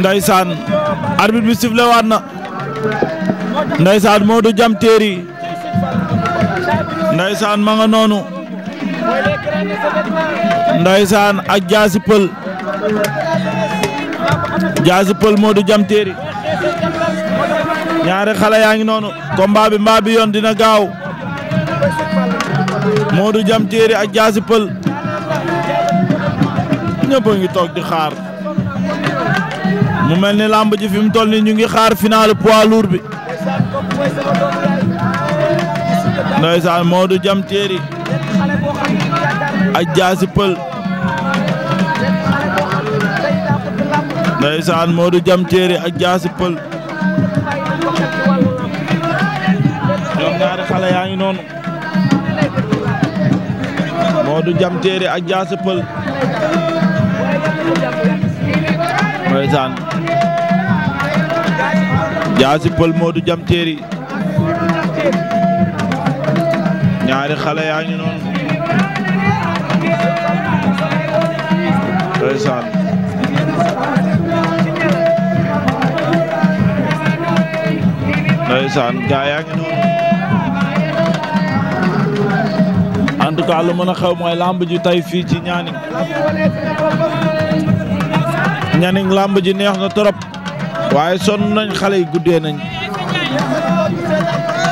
Ndeysaan arbitre bi sifflé waat na Ndeysaan Modou Jam Téeri Ndeysaan ma nga noonu Ndeysaan ak Jaasi Pël Jaasi Pël Modou Jam Téeri ñaari xale yaa ngi noonu combat bi mbaa bi yoon dina gaaw Modou Jam Téeri ak Jaasi Pël ñëpp ngi toog di xaar mu mel ni làmb ji fi mu toll ni ñu ngi xaar final poids lourd bi ndeysaan Modou Jam Téeri ak Jaasi Pël Jam Téeri ak Jaasi Pël ñoom yaa ngi noonu Modou Jam Téeri ak Jaasi Pël ndeysaan jaasi pël Modou jam téeri ñaari xale yaa ngi noonu ndeysaan ndeysaan gaa yaa ngi noonu en tout cas lu mën a xew mooy lamb ji tey fii ci ñaani ñaning làmb ji neex na torop waaye sonn nañ xale yi guddee nañ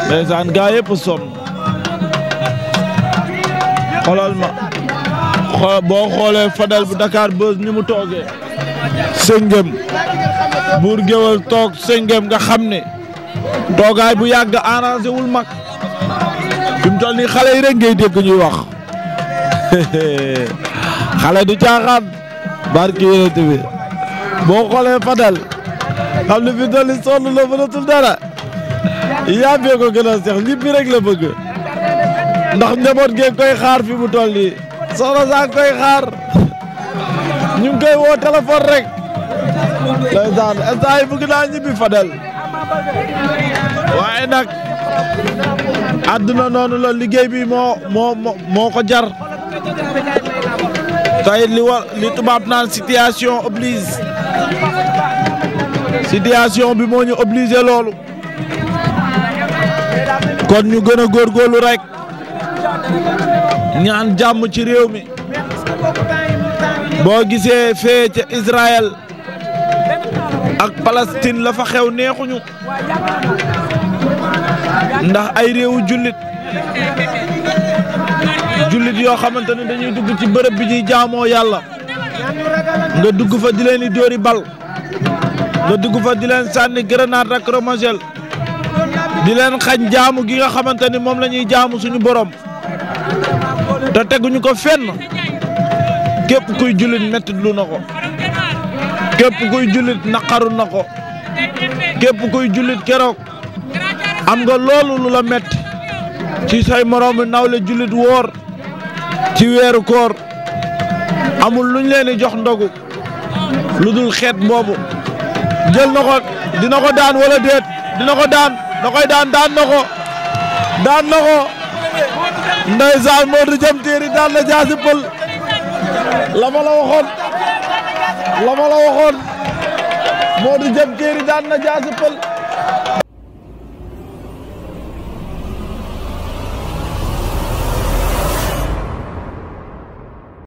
ndeysaan gaa yëpp sonn xoolal ma boo xoolee Fadel bu Dakar Buzz ni mu toogee sëngëm buur géwal toog sëngëm nga xam ne toogaay bu yàgg arrangé wul mag fi mu toll xale yi rek ngay dégg ñuy wax xale du caaxaan barki yénente bi boo xoolee Fadel xam ne fi dolli sonn la mënatul dara yaa bee ko gën a sex rek la bëgg ndax njaboot geeg koy xaar fi mu toll nii soxna saa koy xaar ñu koy woo téléphone rek ndeysaan instant yi bëgg naa ñibbi Fadel waaye nag àdduna noonu la liggéey bi moo moo moo li tubaab naan situation oblige situation bi moo ñu obligé loolu kon ñu gën a góorlu rek ñaan jàmm ci réew mi boo gisee fee ca Israël ak Palestine la fa xew neexuñu ndax ay réewu jullit jullit yoo xamante ne dañuy dugg ci bërëb bi ñuy jaamoo yàlla. nga dugg fa di leen di dóori bal nga dugg fa di leen sànni grenade lacrymogène di leen xañ jaamu gi nga xamante ni moom lañuy ñuy jaamu suñu boroom te teguñu ko fenn képp kuy jullit mettit lu na ko képp kuy jullit naqaru na ko képp kuy jullit keroog am nga loolu lu la metti ci say moroomi nawle jullit woor ci weeru koor amul luñ leen jox ndogu lu dul xeet boobu jël na dina ko daan wala déet dina ko daan da koy daan daan na ko daan na ko ndeysaan Modou Jam Téeri daan na Jaasi Pël la ma la daan na Jaasi